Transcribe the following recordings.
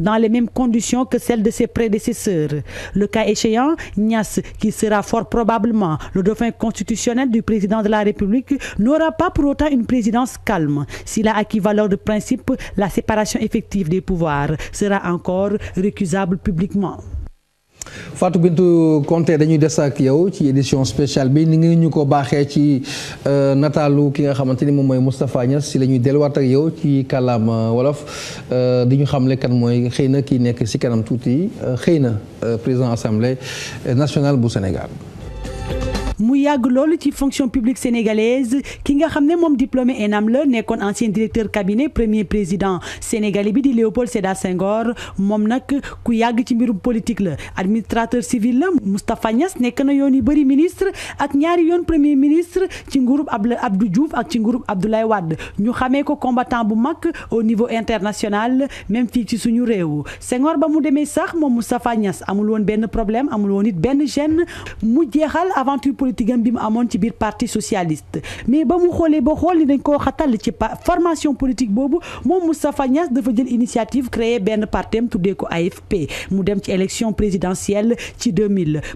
dans les mêmes conditions que celles de ses prédécesseurs. Le cas échéant, Nias, qui sera fort probablement le dauphin constitutionnel du président de la République, n'aura pas pour autant une présidence calme. S'il a acquis valeur de principe, la séparation effective des pouvoirs sera encore récusable publiquement. Fatou Bintou Konté dañuy des ak yow ci édition spéciale bi ni ngi ñu ko baaxee ci euh, nataalu ki nga xamante ni moom mooy Moustapha Niass si la ñuy delluwaat ak yow ci kàllaama euh, wolof euh, di ñu xamle kan mooy xëy na kii nekk si kanam tuuti xëy na président assemblée nationale bu Sénégal. mu yàgg loolu ci fonction publique sénégalaise ki nga xam ne moom diplômé ENAM la nekkoon ancien directeur cabinet premier président sénégalais bi di Léopold Sédar Senghor moom nag ku yàgg ci mbirum politique la administrateur civil la Moustapha Niass nekk na yoon yi bëri ministre ak ñaari yoon premier ministre ci nguurub Abdou Diouf ak ci nguurub Abdoulaye Wade ñu xamee ko combatant bu mag au niveau international même fii ci suñu réew Senghor ba mu demee sax moom Moustapha Niass amul woon benn problème amul it benn gêne politique am bi mu amoon ci biir parti socialiste mais ba mu xoolee ba xool ni dañ koo xatal ci formation politique boobu moom Moustapha Niass dafa jël initiative créer benn partem tuddee ko AFP mu dem ci élection présidentielle ci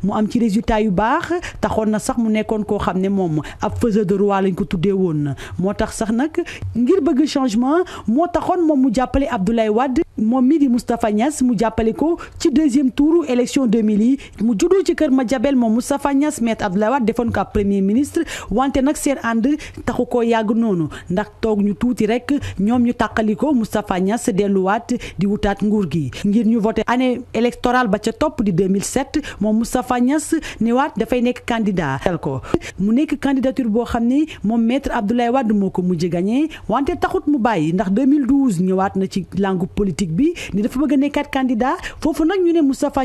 mu am ci résultat yu baax taxoon na sax mu nekkoon koo xam ne moom ab faiseur de roi lañ ko tuddee woon moo tax sax nag ngir bëgg changement taxoon moom mu jàppale Abdoulaye Wade moom mi di Moustapha Niass mu jàppale ko ci deuxième tour élection 2000 yi mu juddoo ci kër ma Madiabel moom Moustapha Niass maître Abdoulaye Wade defoon ko ab premier ministre wante nag seen ànd taxu koo yàgg noonu ndax toog ñu tuuti rek ñoom ñu tàqali ko Moustapha Niass delluwaat di wutaat nguur gi ngir ñu voté année électorale ba ca topp di 2007 moom Moustapha Niass newaat waat dafay nekk candidat tel ko mu nekk candidature boo xam ne moom maître Abdoulaye Wade moo ko mujj gagné wante taxut mu bàyyi ndax 2012 ñëwaat na ci langue politique politique bi ni dafa bëgg a nekkaat candidat foofu nag ñu ne Moustapha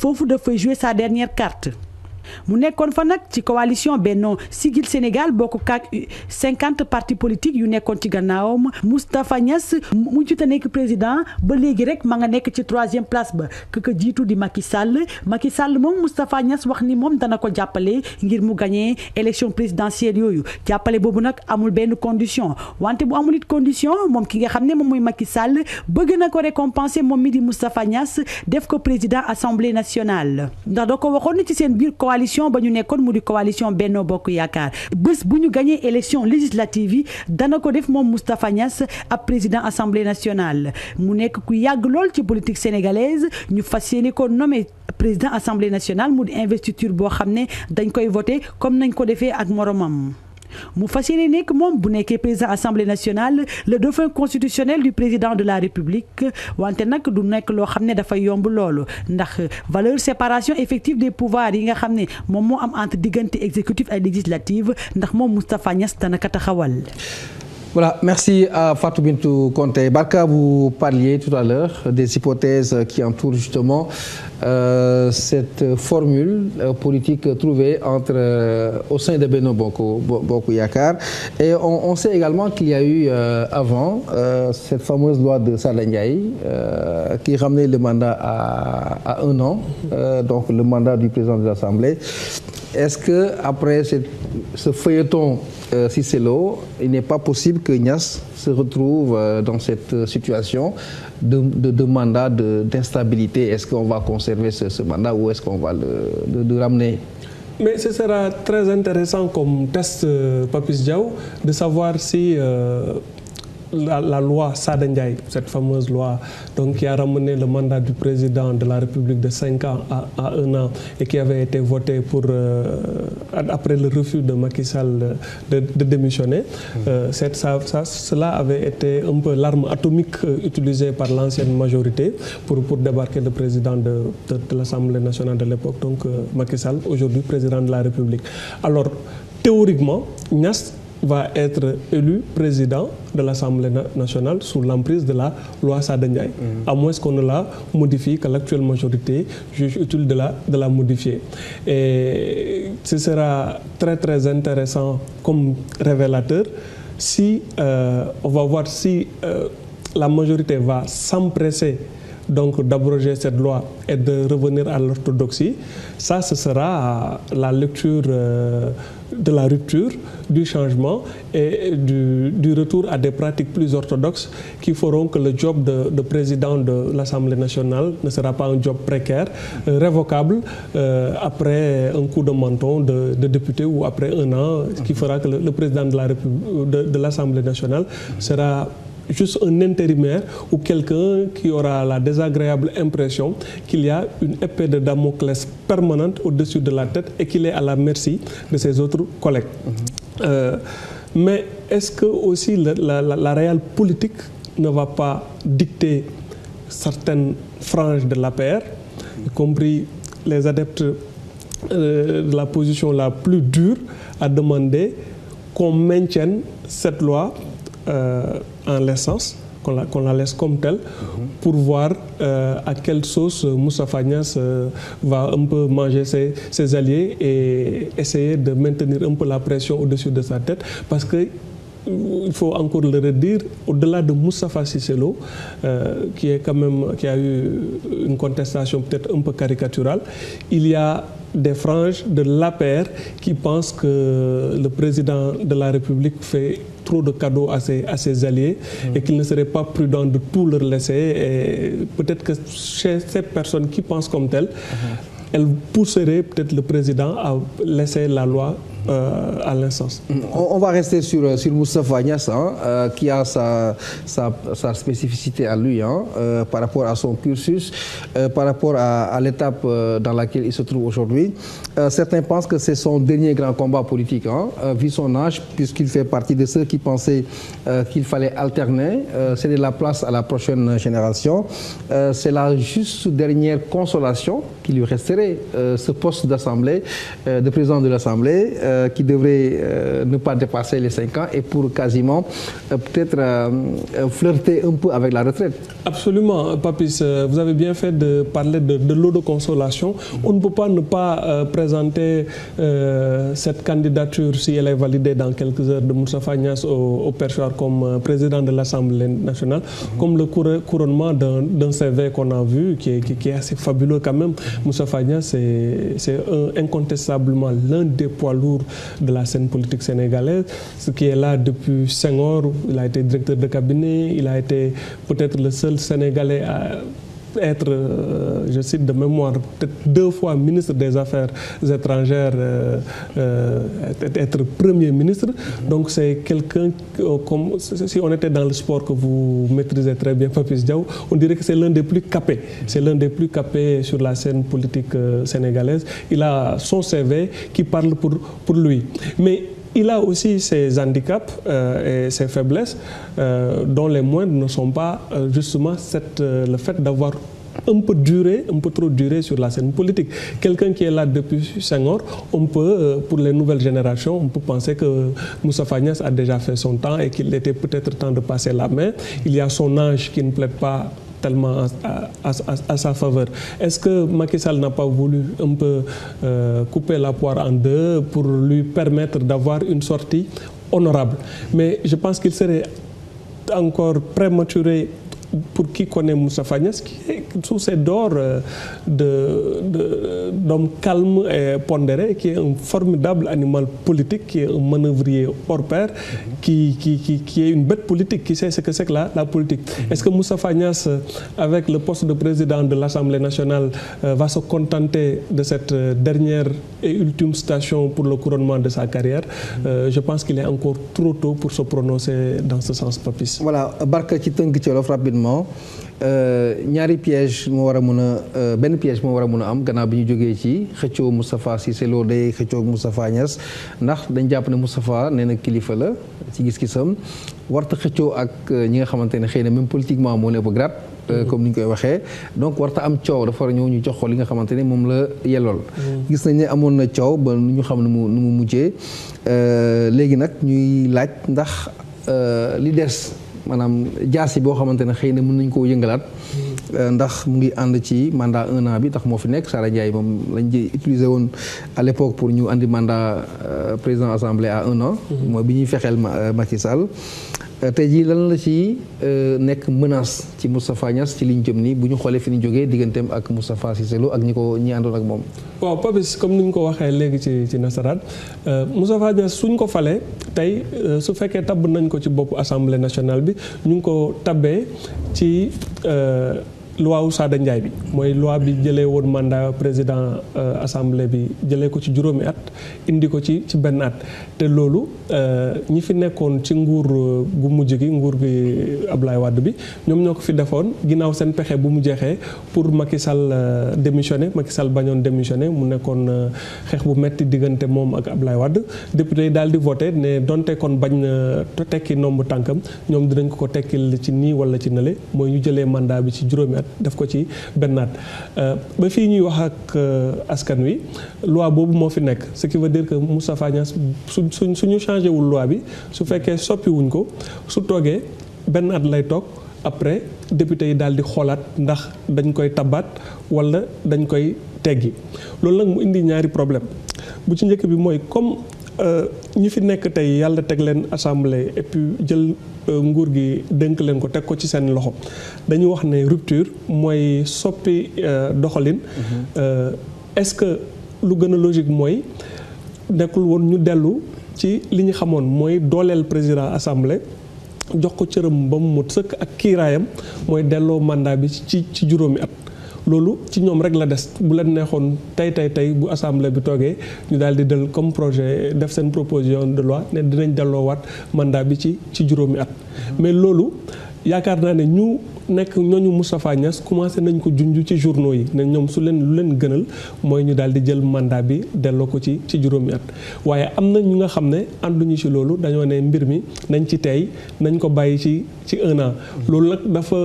foofu dafay jouer sa dernière carte mu nekkoon fa nag ci coalition Benno Siggil Sénégal bokk kaak cinquante parti politiques yu nekkoon ci gannaawam Moustapha Niass mu jot a nekk président ba léegi rek ma nga nekk ci troisième place ba kaka jiitu di Macky sàll Macky Sall moom Moustapha Niass wax ni moom dana ko jàppale ngir mu gagné élection présidentielle yooyu jàppale boobu nag amul benn condition wante bu amul it condition moom ki nga xam ne moom mooy Macky Sall bëgg na ko récompenser moom mi di Moustapha Niass def ko président assemblée nationale ndax coalition ba ñu nekkoon mu di coalition benn Bokk Yaakaar bés bu ñu gañee élection législative yi dana ko def moom Moustapha Niass ab président assemblée nationale mu nekk ku yàgg lool ci politique sénégalaise ñu fas yéene ko nommé président assemblée nationale mu di investiture boo xam ne dañ koy voté comme nañ ko defee ak moromam. mu fas yéene nekk moom bu nekkee président assemblée nationale le dauphin constitutionnel du président de la république wante nag du nekk loo xam ne dafay yomb loolu ndax valeur séparation effective des pouvoirs yi nga xam ne moom moo am entre diggante exécutif ay législative ndax moom Moustapha Niass dana ko taxawal. Voilà, merci à Fatou Conté. Barka, vous parliez tout à l'heure des hypothèses qui entourent justement euh, cette formule euh, politique trouvée entre, euh, au sein de Beno Boko, Boko Yakar. Et on, on sait également qu'il y a eu euh, avant euh, cette fameuse loi de Salengay qui ramenait le mandat à un an, donc le mandat du président de l'Assemblée. est-ce que après ce, ce feuilleton euh, Cicelo, il n'est pas possible que Nias se retrouve euh, dans cette euh, situation de, de, de mandat d'instabilité Est-ce qu'on va conserver ce, ce mandat ou est-ce qu'on va le, le ramener mais ce sera très intéressant comme test, euh, Papis Diaw, de savoir si euh, la, la, loi Sadendiaï, cette fameuse loi donc, qui a ramené le mandat du président de la République de 5 ans à, 1 an et qui avait été votée pour, euh, après le refus de Macky Sall de, de démissionner. Mmh. Euh, cette, ça, ça, cela avait été un peu l'arme atomique euh, utilisée par l'ancienne majorité pour, pour débarquer le président de, de, de l'Assemblée nationale de l'époque, donc euh, Macky Sall, aujourd'hui président de la République. Alors, théoriquement, Nias va être élu président de l'Assemblée nationale sous l'emprise de la loi Sada Ndiaye. Mmh. à moins qu'on ne la modifie, que l'actuelle majorité juge utile de la, de la modifier. Et ce sera très très intéressant comme révélateur si euh, on va voir si euh, la majorité va s'empresser donc d'abroger cette loi et de revenir à l'orthodoxie. Ça, ce sera la lecture euh, de la rupture, du changement et du, retour à des pratiques plus orthodoxes qui feront que le job de, de président de l'Assemblée nationale ne sera pas un job précaire, euh, révocable euh, après un coup de menton de, de, député ou après un an, ce qui fera que le, le président de l'Assemblée la, de, nationale sera juste un intérimaire ou quelqu'un qui aura la désagréable impression qu'il y a une épée de Damoclès permanente au-dessus de la tête et qu'il est à la merci de ses autres collègues. Mm-hmm. Euh, mais est-ce que aussi la la la, la réelle politique ne va pas dicter certaines franges de l'APR, y compris les adeptes euh, de la position la plus dure, à demander qu'on maintienne cette loi Euh, en l'essence, qu'on la, qu la, comme telle, mhm. pour voir euh, à quelle sauce euh, Moussa Fagnas va un peu manger ses, ses alliés et essayer de maintenir un peu la pression au-dessus de sa tête, parce que il faut encore le redire, au-delà de Moustapha Cicelo, euh, qui est quand même qui a eu une contestation peut-être un peu caricaturale, il y a des franges de l'APR qui pensent que le président de la République fait trop de cadeaux à ses, à ses alliés mmh. et qu'il ne serait pas prudent de tout leur laisser. Et peut-être que chez ces personnes qui pensent comme telles, mmh. elles pousseraient peut-être le président à laisser la loi euh, à l'instance. On, on va rester sur, euh, sur Moustapha Niass, hein, euh, qui a sa, sa, sa, spécificité à lui hein, euh, par rapport à son cursus, par rapport à, à l'étape dans laquelle il se trouve aujourd'hui. certains pensent que c'est son dernier grand combat politique, hein, vu son âge, puisqu'il fait partie de ceux qui pensaient qu'il fallait alterner, c'est de la place à la prochaine génération. c'est la juste dernière consolation qui lui resterait euh, ce poste d'assemblée, euh, de président de l'Assemblée, euh, qui devrait ne pas dépasser les cinq ans et pour quasiment peut-être flirter un peu avec la retraite. Absolument, Papis, vous avez bien fait de parler de, de l'eau de consolation. On ne peut pas ne pas présenter cette candidature, si elle est validée dans quelques heures, de Moussa Fagnas au, au perchoir comme président de l'Assemblée nationale, mmh. comme le couronnement d'un CV qu'on a vu, qui est, qui est, assez fabuleux quand même. Moustapha Niasse c'est c'est incontestablement l'un des poids lourds de la scène politique sénégalaise ce qui est là depuis Senghor il a été directeur de cabinet il a été peut-être le seul Sénégalais à être, euh, je cite de mémoire, peut-être deux fois ministre des Affaires étrangères, euh, euh, être Premier ministre. Donc c'est quelqu'un, euh, comme si on était dans le sport que vous maîtrisez très bien, Papis Diaw, on dirait que c'est l'un des plus capés. C'est l'un des plus capés sur la scène politique euh, sénégalaise. Il a son CV qui parle pour, pour lui. Mais il a aussi ses handicaps euh, et ses faiblesses euh, dont les moindres ne sont pas euh, justement cette, le fait d'avoir un peu duré, un peu trop duré sur la scène politique. Quelqu'un qui est là depuis 5 ans, on peut, pour les nouvelles générations, on peut penser que Moussa Fagnas a déjà fait son temps et qu'il était peut-être temps de passer la mais Il y a son âge qui ne plaît pas tellement à, à, à, à sa faveur. Est-ce que Macky Sall n'a pas voulu un peu euh, couper la poire en deux pour lui permettre d'avoir une sortie honorable Mais je pense qu'il serait encore prématuré pour qui connaît Moustapha Niasse, qui est sous ses dors euh, d'homme calme et pondéré, qui est un formidable animal politique, qui est un manœuvrier hors pair, qui, qui, qui, qui est une bête politique, qui sait ce que c'est que la, la politique. Mm-hmm. Est-ce que Moustapha Niasse, euh, avec le poste de président de l'Assemblée nationale, euh, va se contenter de cette dernière et ultime station pour le couronnement de sa carrière mm-hmm. Je pense qu'il est encore trop tôt pour se prononcer dans ce sens, Papis. rapidement euh, ñaari piège moo war a a euh, benn piège moo war a mën a am gannaaw bi ñu jógee ci xëccoo Moustapha Cissé Lo day xëccoo Moustapha Niass ndax dañ jàpp ne Moustapha nee na kilifa la ci gis-gisam warta xëccoo ak euh, ñi nga xamante ne xëy na même politiquement moo ne ba grade mm-hmm. ni koy waxee donc warta am coow a ñëw ñu jox ko li nga xamante ne moom la yellool mm-hmm. gis nañ ne amoon na coow ba nu ñu xam mu nu mu mujjee léegi nag ñuy laaj ndax li des maanaam jaasi boo xamante ne xëy na mën nañ koo yëngalaat hmm. ndax mu ngi ànd ci mandat un an bi ndax moo fi nekk Sara Ndiaye moom lañ ci utilisé woon à l'époque pour ñu andi mandat euh, président assemblée a un an hmm. mooy bi ñuy fexeel euh, Macky Euh, tey jii lan la ci euh, nekk menace ci Moustapha Niass ci liñ jëm nii bu ñu xoolee fi ñu jógee digganteem ak Moustapha Cissé Lo ak ñi ko ñi àndoon ak moom. waaw Papis comme ni ñu ko waxee léegi ci ci nasaraan euh, Moustapha Niass suñ ko falee tey su fekkee tabb nañ ko ci bopp assemblée nationale bi ñu ngi ko tabbee ci. loi wu Sada bi mooy loi bi jëlee woon mandat président euh, assemblée bi jëlee ko ci juróomi at indi ko ci ci benn at te loolu euh, ñi fi nekkoon ci nguur euh, gu mujj gi nguur gi Abdoulaye Wade bi ñoom ñoo ko fi defoon ginnaaw seen pexe bu mu jeexee pour Macky Sall démissionné Macky Sall bañoon démissionné mu nekkoon xeex bu metti diggante moom ak Abdoulaye Wade député yi daal di voté ne donte kon bañ na tekki nomb tànkam ñoom dinañ ko ko tekkil ci nii wala ci nële mooy ñu jëlee mandat bi ci juróomi def ko ci benn bennaat euh, ba fii ñuy wax ak euh, askan wi loi boobu moo fi nekk ce qui veut dire que Moustapha Niasse su suñ suñu changé wul loi bi su fekkee soppiwuñ ko su toogee benn at lay toog après député yi daal di xoolaat ndax dañ koy tabaat walla dañ koy teggi loolu nag mu indi ñaari problème bu ci njëkk bi mooy comme Euh, ñi fi nekk tey yàlla teg leen assemblée et puis jël euh, nguur gi dënk leen ko teg ko ci seen loxo dañu wax ne rupture mooy soppi euh, doxalin. Mm-hmm. est-ce que lu gën logique mooy nekkul woon ñu dellu ci li ñu xamoon mooy dooleel président assemblée. jox ko cëram ba mu mot sëkk ak kiiraayam mooy delloo mandat bi ci ci juróomi at. loolu ci ñoom rek la des bu leen neexoon tey tey tey bu assemblée bi toogee ñu daal di dal comme projet def seen proposition de loi ne dinañ delloowaat mandat bi ci ci juróomi at mhm. mais loolu yaakaar naa ne ñu nekk ñooñu Moustapha Niass commencé nañ ko junj ci journaux yi ne ñoom su leen lu leen gënal mooy ñu daal di jël mandat bi delloo ko ci ci juróomi at. waaye am na ñu nga xam ne ànduñu ci loolu dañoo ne mbir mi nañ ci tey nañ ko bàyyi ci ci un loolu nag dafa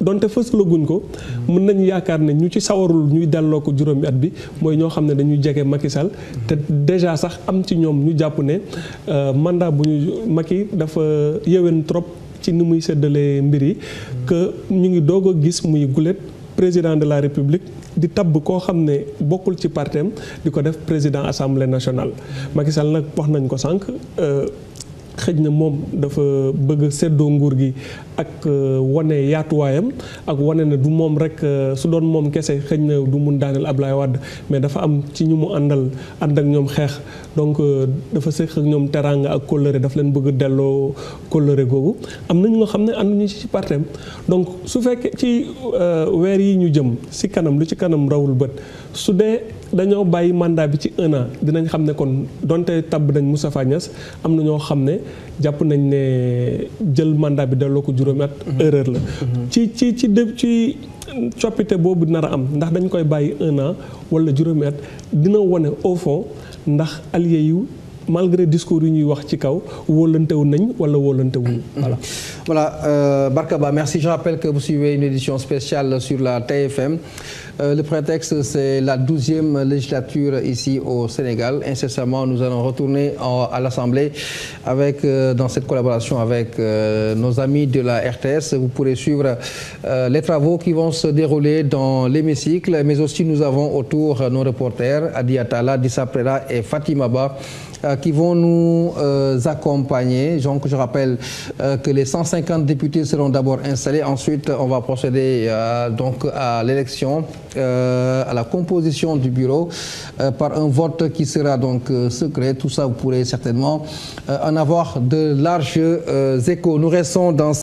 donte fësalaguñ ko. mën nañu yaakaar ne ñu ci sawarul ñuy delloo ko juróomi at bi mooy ñoo xam ne dañuy jege Macky sal te déjà sax am ci ñoom ñu jàpp ne euh, mandat bu ñu Macky dafa yéwén trop. ci ni muy séddalee mbir yi que ñu ngi doog a gis muy gulet président de la république di tabb koo xam ne bokkul ci partem di ko def président assemblée nationale Macky Sall nag wax nañu ko sànq euh, xëj na moom dafa bëgg a séddoo nguur gi ak euh, wane yaatuwaayam ak wane na du moom rek euh, su doon moom kese xëj na du mun daaneel Ablaye Wade mais dafa am ci ñu mu àndal ànd ak ñoom xeex donc euh, dafa séq ak ñoom teraanga ak kóllëre daf leen bëgg delloo kóllëre googu am na ñu nga xam ne ànduñu ci parteem donc su fekkee ci weer yi ñu jëm si kanam lu ci kanam rawul bët su dee dañoo bàyyi mandat bi ci un dinañ xam ne kon donte tabb nañ Moustapha Niass am na ñoo xam ne jàpp nañ ne jël mandat bi delloo ko juróomi at mhm. erreur la mhm. ci ci ci dé ci coppite boobu nar a am ndax dañ koy bàyyi un an wala juróomi at dina wane au fond ndax allié yu malgré discours yu ñuy wax ci kaw wóolantewu nañ wala wóolantewuñu mhm. voilà voilà euh, Barka Ba merci je rappelle que bu suivez une édition spéciale sur la TFM Euh, le prétexte, c'est la douzième législature ici au Sénégal. Incessamment, nous allons retourner en, à l'Assemblée avec, euh, dans cette collaboration avec euh, nos amis de la RTS. Vous pourrez suivre les travaux qui vont se dérouler dans l'hémicycle, mais aussi nous avons autour nos reporters, Adi Atala, Dissa Prera et Fatima qui vont nous accompagner. Donc, je rappelle euh, que les 150 députés seront d'abord installés. Ensuite, on va procéder donc à l'élection euh, à la composition du bureau euh, par un vote qui sera donc euh, secret. Tout ça, vous pourrez certainement euh, en avoir de larges euh, échos. Nous restons dans